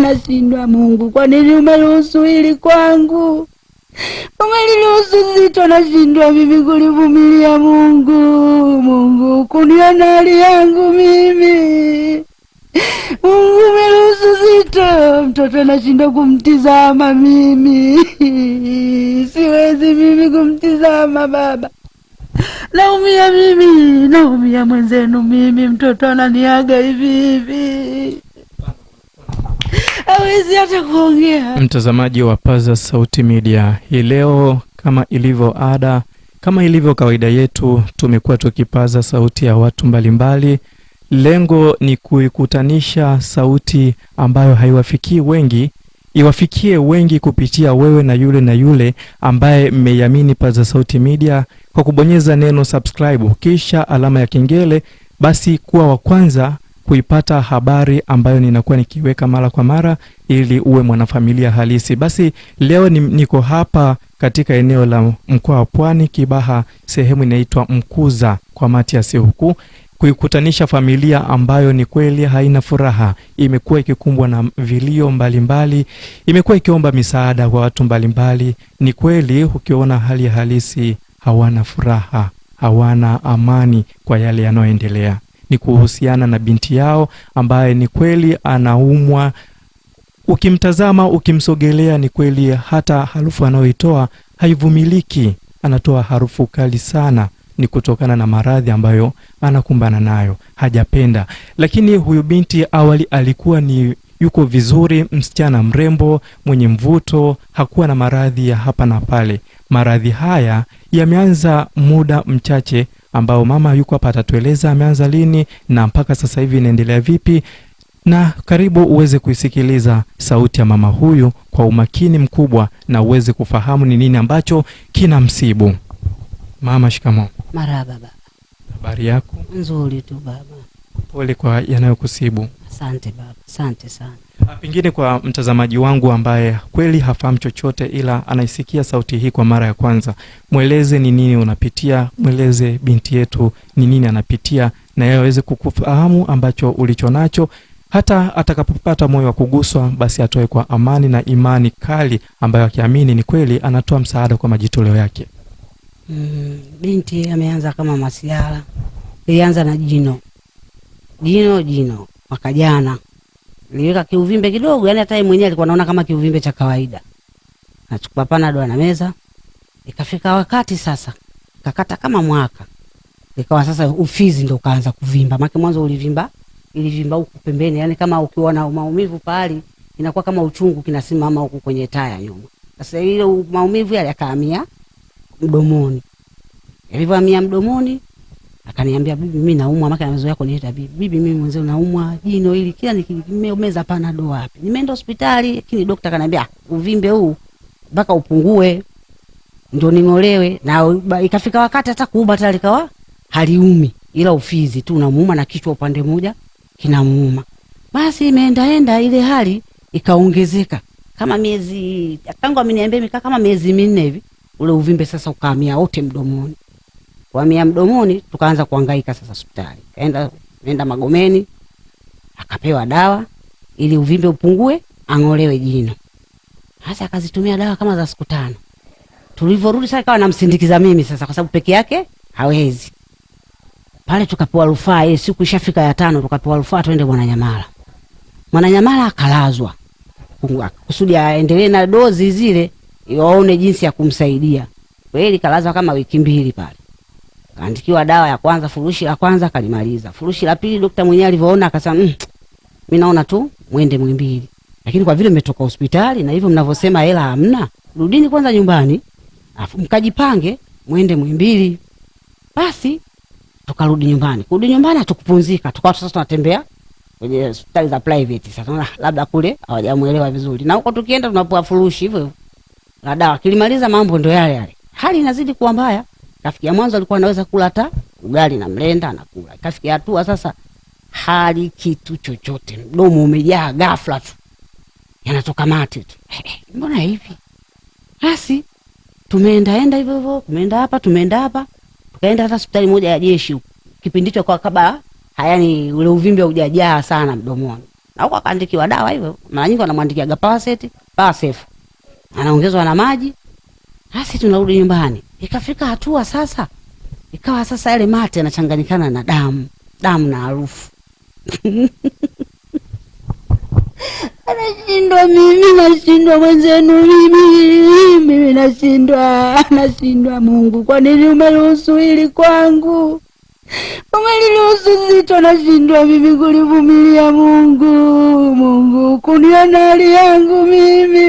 Nashindwa Mungu, kwa nini umeruhusu hili kwangu? Umeliruhusu zito, nashindwa mimi kulivumilia. Mungu, Mungu kuniona hali yangu mimi. Mungu umeruhusu zito, mtoto nashindwa kumtizama mimi, siwezi mimi kumtizama baba Naumia mimi, naumia mwenzenu mimi, mtoto ananiaga hivi hivi hawezi hata kuongea. Mtazamaji wa Paza Sauti Media, hii leo kama ilivyo ada, kama ilivyo kawaida yetu, tumekuwa tukipaza sauti ya watu mbalimbali. Lengo ni kuikutanisha sauti ambayo haiwafikii wengi iwafikie wengi kupitia wewe na yule na yule ambaye mmeiamini Paza Sauti Media kwa kubonyeza neno subscribe kisha alama ya kengele, basi kuwa wa kwanza kuipata habari ambayo ninakuwa nikiweka mara kwa mara ili uwe mwanafamilia halisi. Basi leo ni, niko hapa katika eneo la mkoa wa Pwani Kibaha, sehemu inaitwa Mkuza kwa Matias huku kuikutanisha familia ambayo ni kweli haina furaha, imekuwa ikikumbwa na vilio mbalimbali, imekuwa ikiomba misaada kwa watu mbalimbali. Ni kweli ukiona hali halisi, hawana furaha, hawana amani kwa yale yanayoendelea ni kuhusiana na binti yao ambaye ni kweli anaumwa. Ukimtazama, ukimsogelea, ni kweli hata harufu anayoitoa haivumiliki, anatoa harufu kali sana. Ni kutokana na maradhi ambayo anakumbana nayo, hajapenda. Lakini huyu binti awali alikuwa ni yuko vizuri, msichana mrembo mwenye mvuto, hakuwa na maradhi ya hapa na pale. Maradhi haya yameanza muda mchache ambao mama yuko hapa atatueleza ameanza lini na mpaka sasa hivi inaendelea vipi, na karibu uweze kuisikiliza sauti ya mama huyu kwa umakini mkubwa na uweze kufahamu ni nini ambacho kina msibu mama. Shikamo. maraba baba. Habari yako? Nzuri tu baba. Pole kwa yanayokusibu. Asante baba, asante sana. Ah, pengine kwa mtazamaji wangu ambaye kweli hafahamu chochote, ila anaisikia sauti hii kwa mara ya kwanza, mweleze ni nini unapitia, mweleze binti yetu ni nini anapitia, na yeye aweze kukufahamu ambacho ulicho nacho, hata atakapopata moyo wa kuguswa, basi atoe kwa amani na imani kali ambayo akiamini ni kweli anatoa msaada kwa majitoleo yake. Mm, binti ameanza kama masiara, ilianza na jino jino jino mwaka jana niweka kiuvimbe kidogo, yani hata yeye mwenyewe alikuwa anaona kama kiuvimbe cha kawaida. Nachukua panado na meza, ikafika wakati sasa kakata kama mwaka, ikawa sasa ufizi ndio kaanza kuvimba, maana mwanzo ulivimba ilivimba huku pembeni, yani kama ukiwa na maumivu pahali inakuwa kama uchungu kinasimama huku kwenye taya nyuma. Sasa ile maumivu yale yakahamia mdomoni, yalivyohamia mdomoni Akaniambia bibi, mimi naumwa, maka amezoea kuniita bibi. Bibi, mimi mwenzenu naumwa jino hili, kila nikimeza panado wapi. Nimeenda hospitali, lakini dokta akaniambia uvimbe huu mpaka upungue ndio ning'olewe, na ikafika wakati hata kuuma tayari kawa haliumi, ila ufizi tu unamuuma na kichwa upande mmoja kinamuuma. Basi imeendaenda ile hali ikaongezeka kama miezi tangu ameniambia mikaa kama miezi minne hivi, ule uvimbe sasa ukahamia wote mdomoni kuhamia mdomoni, tukaanza kuhangaika sasa hospitali. Kaenda nenda Magomeni akapewa dawa ili uvimbe upungue, ang'olewe jino. Sasa akazitumia dawa kama za siku tano. Tulivyorudi sasa kawa namsindikiza mimi sasa kwa sababu peke yake hawezi. Pale tukapewa rufaa ile eh, siku ishafika ya tano tukapewa rufaa twende Mwananyamala. Mwananyamala akalazwa. Kusudi aendelee na dozi zile waone jinsi ya kumsaidia. Kweli kalazwa kama wiki mbili pale kaandikiwa dawa ya kwanza, furushi la kwanza kalimaliza, furushi la pili dokta mwenyewe alivyoona akasema mm, mimi naona tu mwende Muhimbili, lakini kwa vile mmetoka hospitali na hivyo mnavyosema hela hamna, rudini kwanza nyumbani afu mkajipange mwende Muhimbili. Basi tukarudi nyumbani. Kurudi nyumbani hatukupumzika, tukawa sasa tunatembea kwenye hospitali za private. Sasa labda kule hawajamuelewa vizuri, na huko tukienda tunapoa furushi hivyo la dawa, kilimaliza mambo ndo yale yale, hali inazidi kuwa mbaya. Kafikia mwanzo alikuwa anaweza kula hata ugali na mlenda anakula. Kafikia hatua sasa hali kitu chochote, mdomo umejaa ghafla tu, yanatoka mate tu. Mbona hivi? Basi tumeenda enda hivyo hivyo, tumeenda hapa, tumeenda hapa, tukaenda hata hospitali moja ya jeshi huko. Kipindi hicho kwa kaba hayani ule uvimbe hujajaa sana mdomoni, na huko akaandikiwa dawa hivyo, mara nyingi wanamwandikia Gapavacet, Pasef anaongezwa na maji Asi tunarudi nyumbani, ikafika hatua sasa, ikawa sasa yale mate yanachanganyikana na damu, damu na harufu Anashindwa mimi, nashindwa mwenzenu, mimi mimi nashindwa, nashindwa. Mungu, kwa nini umeruhusu hili kwangu? Umeliruhusu zito, nashindwa mimi kulivumilia. Mungu, Mungu, kuniona hali yangu mimi,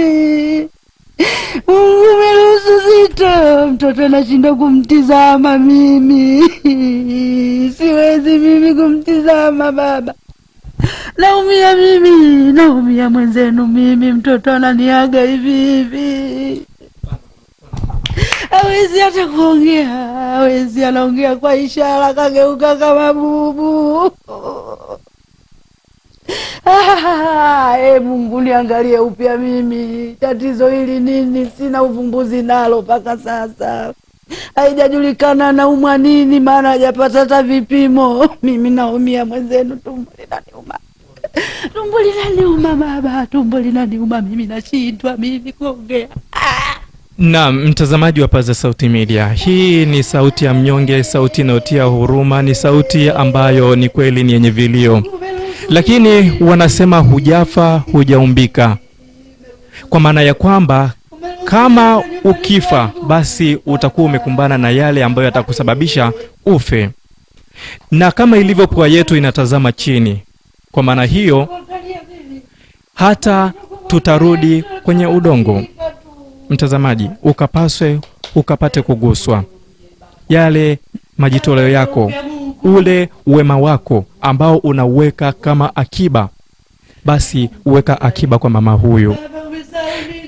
Mungu Suzita, mtoto anashinda kumtizama mimi. Siwezi mimi kumtizama baba. Naumia mimi, naumia mwenzenu mimi, mtoto ananiaga hivi hivi. Hawezi hata kuongea, hawezi anaongea kwa ishara, kageuka kama bubu. Mungu ah, niangalie upya mimi, tatizo hili nini? Sina uvumbuzi nalo mpaka sasa, haijajulikana naumwa nini, maana hajapata hata vipimo. Mimi naumia mwenzenu, tumbo linaniuma, tumbo linaniuma baba, tumbo linaniuma mimi, nashindwa mimi kuongea ah. na mtazamaji wa Paza Sauti Media, hii ni sauti ya mnyonge, sauti inayotia huruma, ni sauti ambayo ni kweli ni yenye vilio lakini wanasema hujafa hujaumbika, kwa maana ya kwamba kama ukifa basi utakuwa umekumbana na yale ambayo yatakusababisha ufe, na kama ilivyo pua yetu inatazama chini, kwa maana hiyo hata tutarudi kwenye udongo, mtazamaji, ukapaswe ukapate kuguswa yale majitoleo yako ule wema wako ambao unauweka kama akiba, basi weka akiba kwa mama huyu.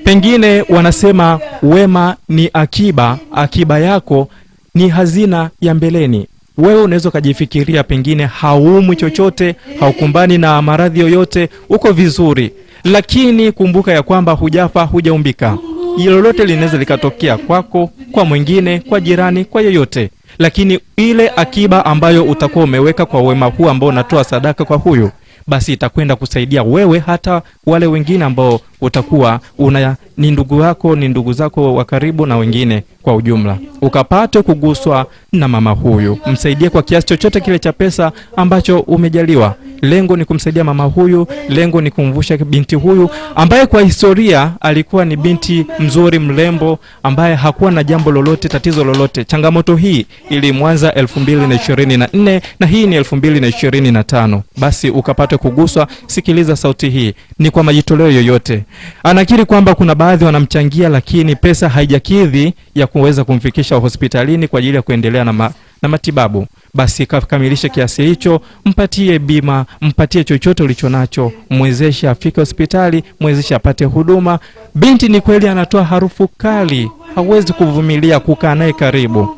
Pengine wanasema wema ni akiba, akiba yako ni hazina ya mbeleni. Wewe unaweza ukajifikiria pengine hauumwi chochote, haukumbani na maradhi yoyote, uko vizuri, lakini kumbuka ya kwamba hujafa, hujaumbika. Lolote linaweza likatokea kwako, kwa mwingine, kwa jirani, kwa yoyote lakini ile akiba ambayo utakuwa umeweka kwa wema huu ambao unatoa sadaka kwa huyu basi itakwenda kusaidia wewe, hata wale wengine ambao utakuwa una ni ndugu yako ni ndugu zako wa karibu na wengine kwa ujumla, ukapate kuguswa na mama huyu, msaidie kwa kiasi chochote kile cha pesa ambacho umejaliwa. Lengo ni kumsaidia mama huyu, lengo ni kumvusha binti huyu ambaye kwa historia alikuwa ni binti mzuri mrembo, ambaye hakuwa na jambo lolote, tatizo lolote. Changamoto hii ilimwanza 2024 na ishirini na nne na hii ni elfu mbili na ishirini na tano basi ukapata yoyote kuguswa, sikiliza sauti hii, ni kwa majitoleo yoyote. Anakiri kwamba kuna baadhi wanamchangia, lakini pesa haijakidhi ya kuweza kumfikisha hospitalini kwa ajili ya kuendelea na, ma, na matibabu. Basi kakamilishe kiasi hicho, mpatie bima, mpatie chochote ulicho nacho, mwezeshe afike hospitali, mwezeshe apate huduma. Binti ni kweli anatoa harufu kali, hawezi kuvumilia kukaa naye karibu.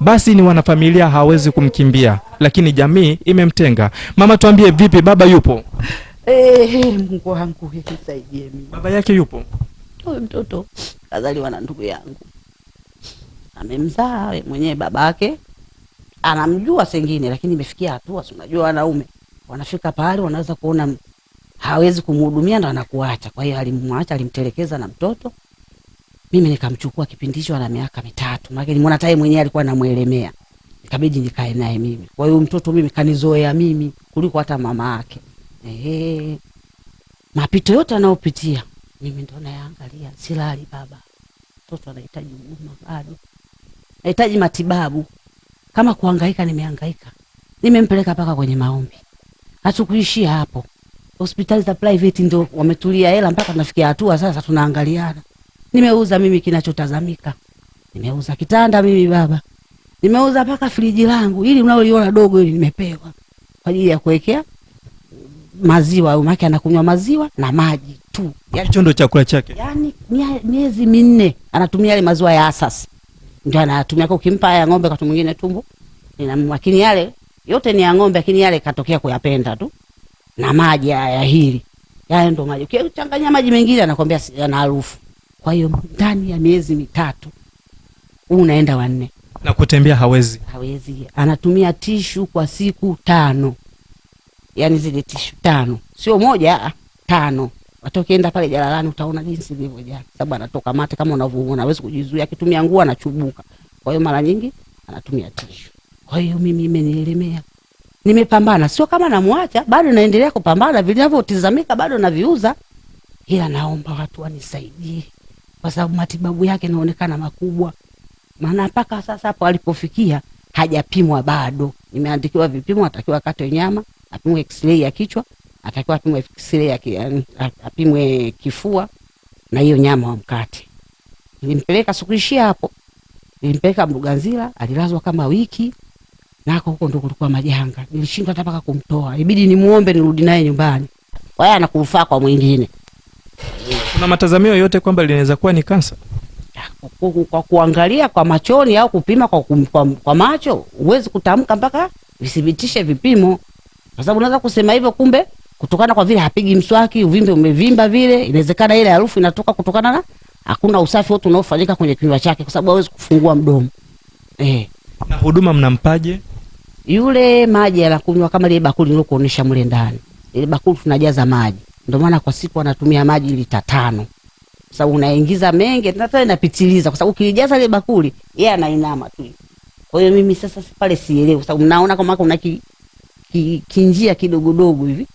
Basi ni wanafamilia hawezi kumkimbia lakini jamii imemtenga. Mama, tuambie vipi, baba yupo? Hey, Mungu wangu nisaidie mimi. Baba yake yupo? Huyo mtoto kazaliwa na ndugu yangu, amemzaa mwenyewe. Babake anamjua sengine, lakini imefikia hatua, si unajua wanaume wanafika pale, wanaweza kuona hawezi kumhudumia, ndo anakuacha. Kwa hiyo alimwacha, alimtelekeza na mtoto. Mimi nikamchukua kipindi hicho, ana miaka mitatu, maana nimeona tayari mwenyewe alikuwa anamwelemea ikabidi nikae naye mimi. Kwa hiyo mtoto mimi kanizoea mimi kuliko hata mama yake. Ehe, mapito yote anayopitia mimi ndo nayaangalia. Silali baba, mtoto anahitaji huduma bado, nahitaji matibabu. Kama kuangaika, nimehangaika, nimempeleka mpaka kwenye maombi. Hatukuishia hapo, hospitali za private ndo wametulia hela mpaka tunafikia hatua sasa tunaangaliana. Nimeuza mimi kinachotazamika, nimeuza kitanda mimi baba Nimeuza mpaka friji langu ili unaloiona dogo ili nimepewa kwa ajili ya kuwekea maziwa au maki anakunywa maziwa na maji tu. yani, chondo chakula chake. yani miezi minne anatumia yale maziwa ya asasi. Ndio anatumia kwa ukimpa ya ng'ombe wakati mwingine tumbo. Lakini yale yote ni ya ng'ombe lakini yale katokea kuyapenda tu. Na maji ya hili. Yale ndo maji. Ukichanganya maji mengine anakwambia yana harufu. Kwa hiyo ndani ya miezi mitatu unaenda wanne na kutembea hawezi, hawezi. Anatumia tishu kwa siku tano, yani zile tishu tano, sio moja, ah, tano. Hata ukienda pale jalalani utaona jinsi zilivyojaa, sababu anatoka mate kama unavyoona, hawezi kujizuia. Akitumia nguo anachubuka, kwa hiyo mara nyingi anatumia tishu. Kwa hiyo mimi imenielemea, nimepambana, sio kama namwacha, bado naendelea kupambana, vinavyotizamika bado naviuza, ila naomba watu wanisaidie, kwa sababu matibabu yake naonekana makubwa maana mpaka sasa hapo alipofikia hajapimwa bado. Nimeandikiwa vipimo, atakiwa akate nyama, apimwe x-ray ya kichwa, atakiwa apimwe x-ray ya ki, apimwe kifua na hiyo nyama wa mkate. Nilimpeleka sikuishia hapo, nilimpeleka Mruganzila, alilazwa kama wiki nako huko ndo kulikuwa majanga, nilishindwa hata mpaka kumtoa, ibidi nimuombe nirudi naye nyumbani. Kwa hiyo anakufaa kwa mwingine. Kuna matazamio yote kwamba linaweza kuwa ni kansa kwa kuangalia kwa machoni au kupima kwa, kum, kwa, kwa macho huwezi kutamka mpaka vithibitishe vipimo, kwa sababu unaweza kusema hivyo, kumbe kutokana kwa vile hapigi mswaki, uvimbe umevimba vile, inawezekana ile harufu inatoka kutokana na hakuna usafi wote unaofanyika kwenye kinywa chake, kwa sababu hawezi kufungua mdomo eh. Na huduma mnampaje? Yule maji anakunywa kama ile bakuli nilokuonesha mle ndani, ile bakuli tunajaza maji, ndio maana kwa siku anatumia maji lita tano sababu unaingiza mengi na tena inapitiliza, kwa sababu ukilijaza ile bakuli yeye anainama tu. Kwa hiyo mimi sasa pale sielewi, kwa sababu naona kama kuna ki, ki, kinjia kidogodogo hivi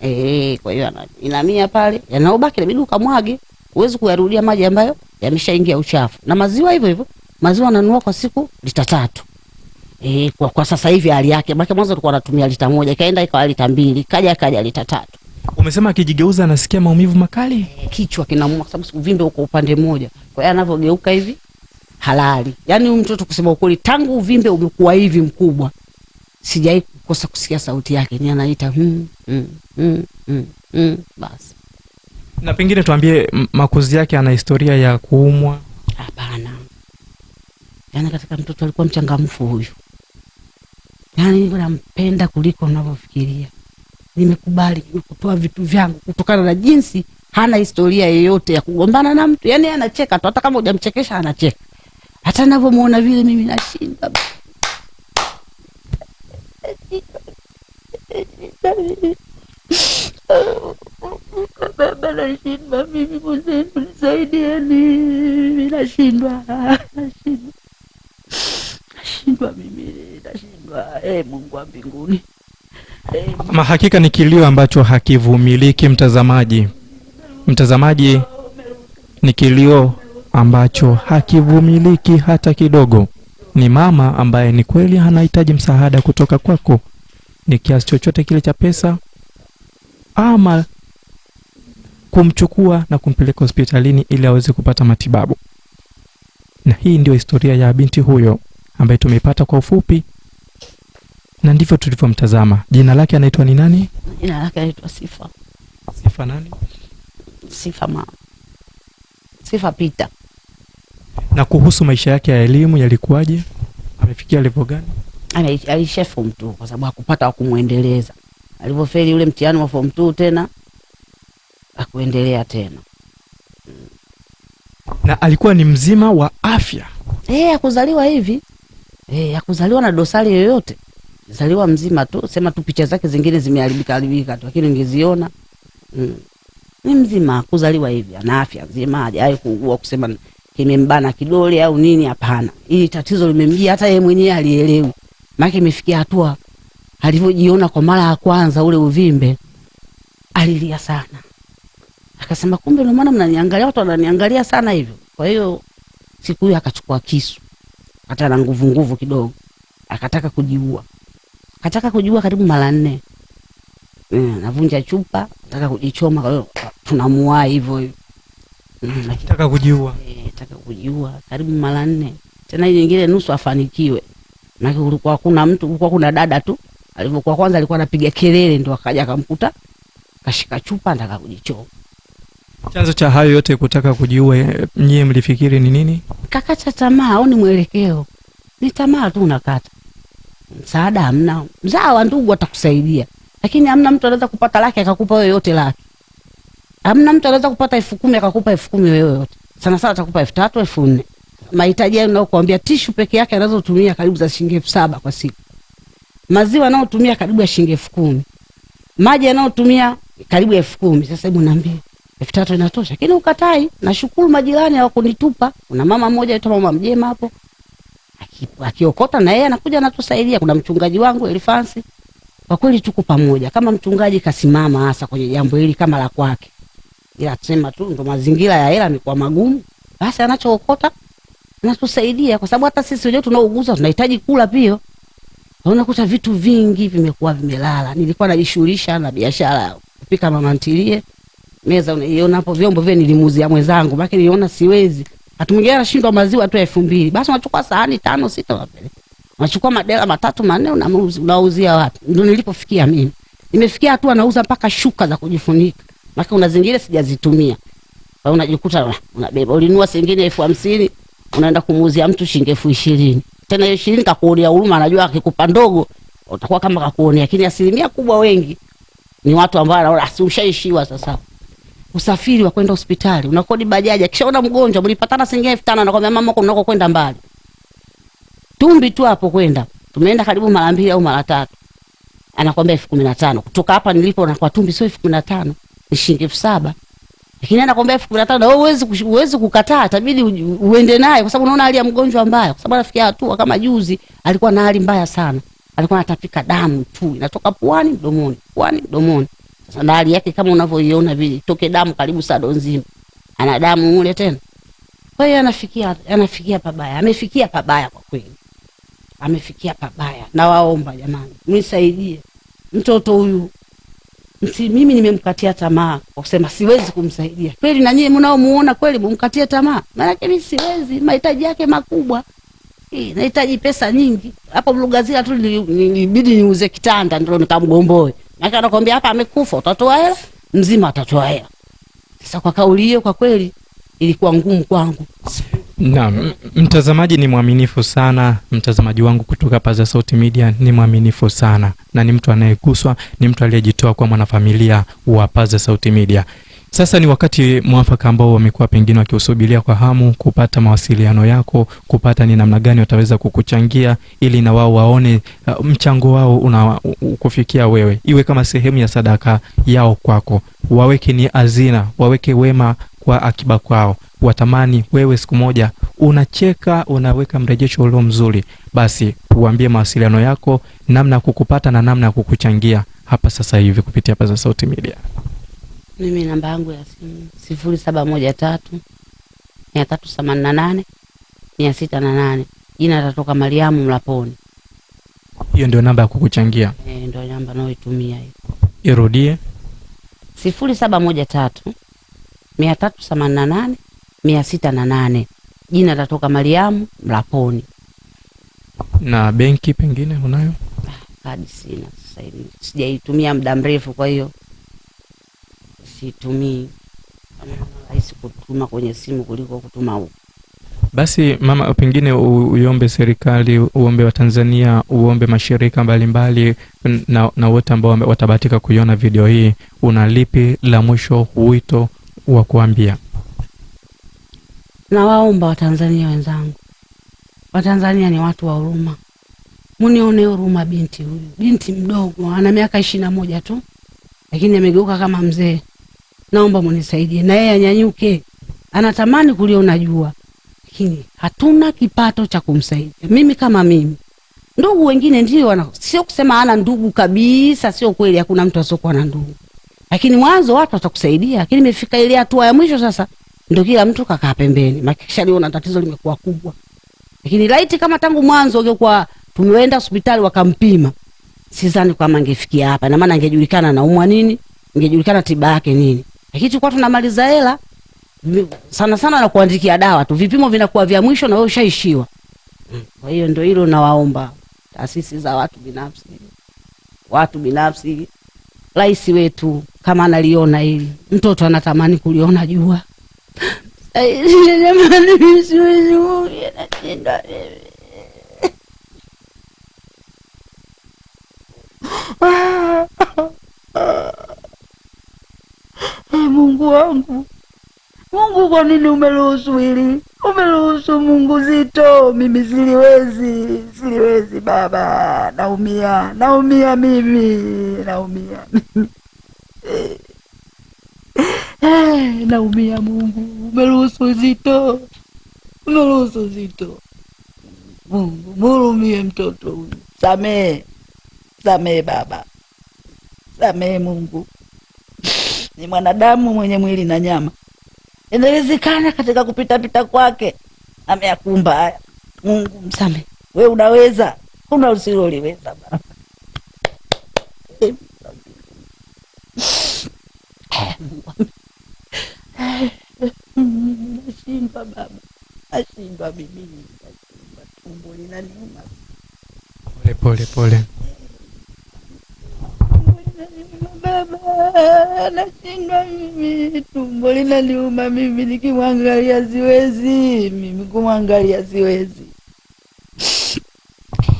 eh. Kwa hiyo inamia pale, yanaobaki inabidi ukamwage, huwezi kuyarudia maji ambayo yameshaingia uchafu. Na maziwa hivyo hivyo, maziwa nanunua kwa siku lita tatu eh, kwa, kwa sasa hivi hali yake, maana mwanzo tulikuwa natumia lita moja, ikaenda ikawa lita mbili, kaja kaja lita tatu Umesema akijigeuza anasikia maumivu makali, eh, kichwa kinamuuma kwa sababu uvimbe uko upande mmoja. Kwa hiyo anavyogeuka hivi halali. Yaani huyu mtoto kusema ukweli, tangu uvimbe umekuwa hivi mkubwa, sijai kukosa kusikia sauti yake, ni anaita hmm, hmm, hmm, hmm, hmm. basi. Na pengine tuambie, makuzi yake ana historia ya kuumwa? Hapana, yaani katika mtoto alikuwa mchangamfu huyu, yaani nampenda kuliko unavyofikiria nimekubali kutoa vitu vyangu kutokana na jinsi hana historia yeyote ya kugombana na mtu. Yani anacheka tu, hata kama hujamchekesha anacheka. Hata navyomwona vile, mimi nashinda baba, nashindwa mimi, mzee, nisaidieni, yaani mimi nashindwa, nashindwa, nashindwa mimi, nashindwa. Ee Mungu wa mbinguni mahakika hakika ni kilio ambacho hakivumiliki mtazamaji. Mtazamaji, ni kilio ambacho hakivumiliki hata kidogo. Ni mama ambaye ni kweli anahitaji msaada kutoka kwako, ni kiasi chochote kile cha pesa ama kumchukua na kumpeleka hospitalini ili aweze kupata matibabu. Na hii ndio historia ya binti huyo ambaye tumeipata kwa ufupi na ndivyo tulivyomtazama. Jina lake anaitwa ni nani? Jina lake anaitwa Sifa. Sifa nani? Sifa ma Sifa Pita. Na kuhusu maisha yake ya elimu yalikuwaje? Amefikia level gani? Alishia form 2 kwa sababu hakupata wa kumwendeleza. Alivyofeli ule mtihani wa form 2 tena akuendelea tena na alikuwa ni mzima wa afya. Eh, akuzaliwa hivi. Eh, akuzaliwa na dosari yoyote zaliwa mzima tu, sema tu picha zake zingine zimeharibika haribika tu, lakini ungeziona mm. Ni mzima kuzaliwa hivi, ana afya nzima, hajawahi kuugua kusema kimembana kidole au nini. Hapana, hili tatizo limemjia, hata yeye mwenyewe alielewi, maana imefikia hatua alivyojiona kwa mara ya kwanza ule uvimbe, alilia sana, akasema kumbe ndio maana mnaniangalia, watu wananiangalia sana hivyo. Kwa hiyo siku hiyo akachukua kisu, hata na nguvu nguvu kidogo, akataka kujiua kataka kujua karibu mara nne mm, navunja chupa nataka kujichoma, kwa hiyo tunamuua hivyo hivyo mm, nataka kujiua eh, nataka kujiua karibu mara nne tena, nyingine nusu afanikiwe, na kulikuwa kuna mtu, kulikuwa kuna dada tu, alivyokuwa kwanza alikuwa anapiga kelele, ndo akaja akamkuta kashika chupa nataka kujichoma. Chanzo cha hayo yote kutaka kujiua, eh, nyie mlifikiri ni nini? Kakata tamaa au ni mwelekeo? Ni tamaa tu unakata msaada hamna. Mzawa ndugu atakusaidia, lakini hamna mtu anaweza kupata laki akakupa wewe yote laki. Hamna mtu anaweza kupata elfu kumi akakupa elfu kumi wewe yote. Sana sana atakupa elfu tatu elfu nne Mahitaji hayo ninayokuambia, tishu peke yake anazotumia karibu za shilingi elfu saba kwa siku, maziwa anayotumia karibu ya shilingi elfu kumi maji anayotumia karibu elfu kumi Sasa hebu niambie elfu tatu inatosha? Lakini ukatai. Nashukuru majirani hawakunitupa. Kuna mama mmoja aitwa mama Mjema hapo akiokota na yeye anakuja anatusaidia. Kuna mchungaji wangu Elifansi, kwa kweli tuko pamoja. Kama mchungaji kasimama hasa kwenye jambo hili kama la kwake, ila tusema tu ndo mazingira ya hela ni kwa magumu, basi anachookota anatusaidia, kwa sababu hata sisi wenyewe tunaouguza tunahitaji kula pia. Unakuta vitu vingi vimekuwa vimelala. Nilikuwa najishughulisha na biashara kupika mama ntilie, meza unaiona hapo, vyombo vile nilimuzia mwenzangu, maana niliona siwezi Watu mwingine anashindwa maziwa tu elfu mbili, basi unachukua sahani tano sita, wapele, unachukua madela matatu manne, unauzia watu. Ndio nilipofikia mimi, nimefikia hatua nauza mpaka shuka za kujifunika, maka una zingine sijazitumia. Kwa unajikuta unabeba, ulinua singine elfu hamsini unaenda kumuuzia mtu shilingi elfu ishirini tena hiyo ishirini kakuonea huruma, anajua akikupa ndogo utakuwa kama kakuonea, lakini asilimia kubwa wengi ni watu ambao wanaona ah, ushaishiwa sasa usafiri wa kwenda hospitali, unakodi bajaji, akishaona mgonjwa mlipatana shilingi elfu tano anakwambia mama, huko mnako kwenda mbali, tumbi tu hapo kwenda. Tumeenda karibu mara mbili au mara tatu, anakwambia elfu kumi na tano kutoka hapa nilipo na kwa tumbi, sio elfu kumi na tano ni shilingi elfu saba lakini anakwambia elfu kumi na tano na wewe huwezi huwezi kukataa, itabidi uende naye, kwa sababu unaona hali ya mgonjwa mbaya, kwa sababu anafikia hatua kama juzi alikuwa na hali mbaya sana, alikuwa anatapika damu tu inatoka puani mdomoni, puani mdomoni na hali yake kama unavyoiona vile, toke damu karibu sado nzima, ana damu mule tena. Kwa hiyo anafikia, anafikia pabaya, amefikia pabaya kwa kweli, amefikia pabaya. Na waomba jamani, mnisaidie mtoto huyu msi, mimi nimemkatia tamaa kwa kusema siwezi kumsaidia kweli. Na nyie mnaomuona kweli mumkatie tamaa, maanake mimi siwezi, mahitaji yake makubwa nahitaji pesa nyingi. Hapo Mlugazila tu nilibidi niuze kitanda ndio nikamgomboe hata nakwambia hapa amekufa, utatoa hela mzima, atatoa hela. Sasa kwa kauli hiyo, kwa kweli ilikuwa ngumu kwangu. Naam, mtazamaji ni mwaminifu sana. Mtazamaji wangu kutoka Paza Sauti Media ni mwaminifu sana na ni mtu anayeguswa, ni mtu aliyejitoa kwa mwanafamilia wa Paza Sauti Media. Sasa ni wakati mwafaka ambao wamekuwa pengine wakiusubiria kwa hamu, kupata mawasiliano yako, kupata ni namna gani wataweza kukuchangia ili na wao waone uh, mchango wao una kufikia wewe, iwe kama sehemu ya sadaka yao kwako, waweke ni hazina, waweke wema kwa akiba kwao, watamani wewe siku moja unacheka, unaweka mrejesho ulio mzuri, basi uambie mawasiliano yako, namna ya kukupata na namna ya kukuchangia hapa sasa hivi kupitia Paza Sauti Media. Mimi namba yangu ya simu sifuri saba moja tatu mia tatu themanini na nane mia sita na nane. Jina tatoka Mariamu Mlaponi. Hiyo ndio namba ya kukuchangia? E, ndio namba naoitumia hiyo. Irudie. sifuri saba moja tatu mia tatu themanini na nane mia sita na nane. Jina tatoka Mariamu Mlaponi. Na benki pengine unayo? Ah, kadi sina sasa hivi, sijaitumia muda mrefu, kwa hiyo siitumii, rahisi kutuma kwenye simu kuliko kutuma huko. Basi mama, pengine uombe serikali, uombe Watanzania, uombe mashirika mbalimbali mbali, na, na wote ambao watabahatika kuiona video hii, una lipi la mwisho, wito wa kuambia? Nawaomba Watanzania wenzangu, Watanzania ni watu wa huruma, munione huruma. Binti huyu binti mdogo ana miaka ishirini na moja tu, lakini amegeuka kama mzee naomba munisaidie, na yeye anyanyuke, anatamani kuliona jua, lakini hatuna kipato cha kumsaidia. Mimi kama mimi, ndugu wengine ndio wana, sio kusema ana ndugu kabisa, sio kweli, hakuna mtu asiokuwa na ndugu, lakini mwanzo watu watakusaidia, lakini imefika ile hatua ya mwisho sasa ndo kila mtu kakaa pembeni, makisha liona tatizo limekuwa kubwa. Lakini laiti kama tangu mwanzo ungekuwa tumeenda hospitali wakampima, sidhani kama angefikia hapa, na maana angejulikana naumwa nini, angejulikana tiba yake nini. Lakini tulikuwa tunamaliza hela sana sana na kuandikia dawa tu, vipimo vinakuwa vya mwisho na wewe ushaishiwa. Kwa hiyo ndio hilo nawaomba taasisi za watu binafsi, watu binafsi, rais wetu kama analiona hili, mtoto anatamani kuliona jua Hey, Mungu wangu, Mungu, kwa nini umeruhusu hili? Umeruhusu Mungu zito, mimi siliwezi, siliwezi Baba, naumia, naumia mimi, naumia Hey, naumia Mungu, umeruhusu zito, umeruhusu zito. Mungu murumie mtoto huyu, samehe, samehe Baba, samehe Mungu ni mwanadamu mwenye mwili na nyama. Inawezekana katika kupitapita kwake ameyakumba haya. Mungu msame, we unaweza, kuna usiloliweza bwana. Nashindwa baba, nashindwa bibi, nashindwa, tumbo linaniuma. Pole pole pole. baba, nashindwa mimi, tumbo linaliuma mimi, nikimwangalia siwezi mimi, kumwangalia siwezi.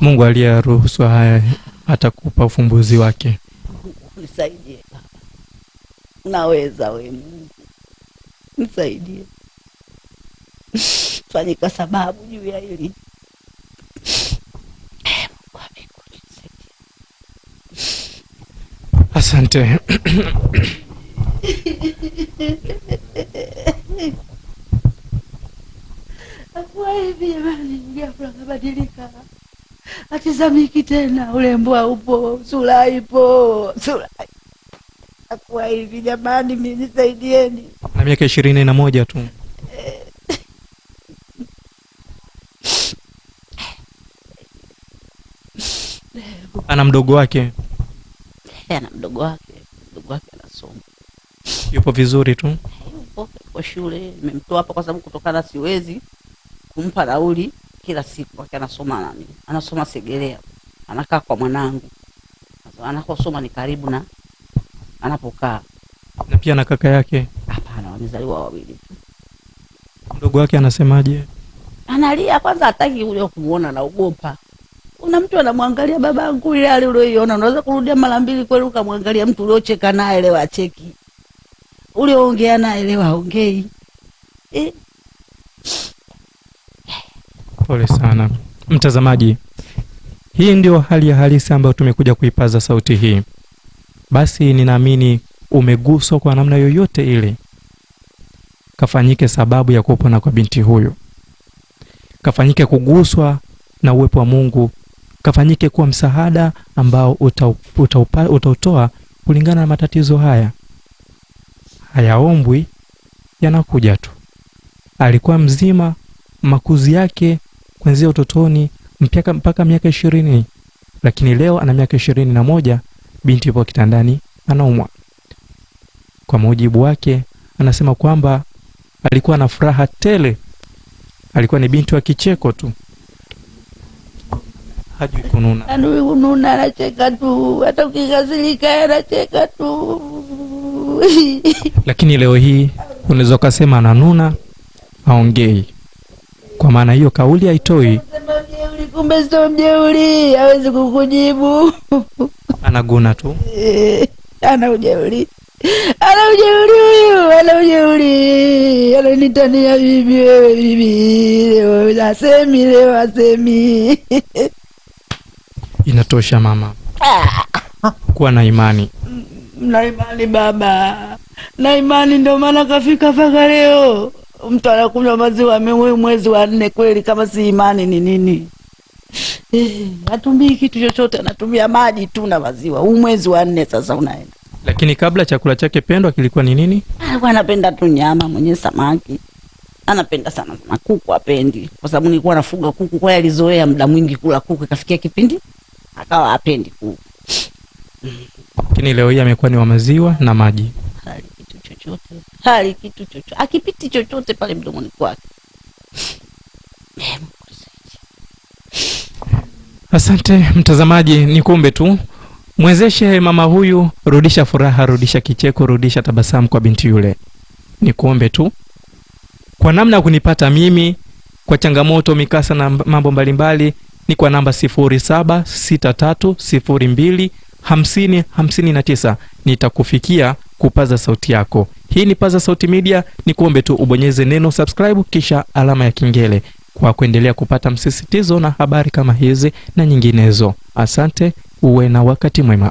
Mungu aliyaruhusu haya atakupa ufumbuzi wake. Nisaidie baba, naweza we Mungu nisaidie, fanyika sababu juu ya hili. Asante. hivi jamani, ghafla kabadilika, atizamiki tena, urembo haupo, sura haipo, sura akuwa hivi jamani, mi nisaidieni. na miaka ishirini na moja tu eh. ana mdogo wake ana mdogo wake, mdogo wake anasoma. Yupo vizuri tu, yupo kwa shule. Nimemtoa hapa kwa sababu kutokana, siwezi kumpa nauli kila siku, wake anasoma nani, anasoma Segerea, anakaa kwa mwanangu, anakosoma ni karibu na anapokaa, na pia na kaka yake. Hapana, wamezaliwa wawili tu. Mdogo wake anasemaje? Analia kwanza, hataki ule kumuona, naogopa kuna mtu anamwangalia yangu ile hali ulioiona unaweza kurudia mara mbili kweli, ukamwangalia mtu uliocheka naye leo acheki, ulioongea naye leo aongei. Eh, pole sana mtazamaji. Hii ndio hali ya halisi ambayo tumekuja kuipaza sauti hii. Basi ninaamini umeguswa kwa namna yoyote ile, kafanyike sababu ya kupona kwa binti huyu, kafanyike kuguswa na uwepo wa Mungu kafanyike kuwa msaada ambao utautoa uta kulingana na matatizo haya. Hayaombwi, yanakuja tu. Alikuwa mzima, makuzi yake kuanzia utotoni mpaka mpaka miaka ishirini, lakini leo ana miaka ishirini na moja. Binti yupo kitandani anaumwa. Kwa mujibu wake, anasema kwamba alikuwa na furaha tele, alikuwa ni binti wa kicheko tu hajui kununa, hajui kununa, anacheka tu, hata ukikasirika anacheka tu lakini leo hii unaweza ukasema ananuna aongei. Kwa maana hiyo kauli haitoi, kumbe sio mjeuri, hawezi kukujibu anaguna tu eh, ana ujeuri ana ujeuri huyu ana ujeuri, ananitania bibi, wewe bibi, leo asemi, leo asemi Inatosha mama, kuwa na imani. Na imani baba, na imani, ndio maana kafika mpaka leo. Mtu anakunywa maziwa mwe mwezi wa nne, kweli? Kama si imani ni nini? Eh, Hatumii kitu chochote, anatumia maji tu na maziwa. Huu mwezi wa nne sasa unaenda. Lakini kabla chakula chake pendwa kilikuwa ni nini? Alikuwa anapenda tu nyama mwenye samaki, anapenda sana kuku apendi, kwa sababu nilikuwa nafuga kuku, kwa alizoea muda mwingi kula kuku, ikafikia kipindi akawa hapendi ku lakini leo hii amekuwa ni wa maziwa na maji, hali kitu chochote, hali kitu chochote, akipiti chochote pale mdomoni kwake. Asante mtazamaji, ni kuombe tu mwezeshe mama huyu, rudisha furaha, rudisha kicheko, rudisha tabasamu kwa binti yule. Ni kuombe tu kwa namna ya kunipata mimi, kwa changamoto, mikasa na mambo mbalimbali, ni kwa namba 0763025059. Nitakufikia kupaza sauti yako. Hii ni Paza Sauti Media, ni kuombe tu ubonyeze neno subscribe kisha alama ya kengele kwa kuendelea kupata msisitizo na habari kama hizi na nyinginezo. Asante, uwe na wakati mwema.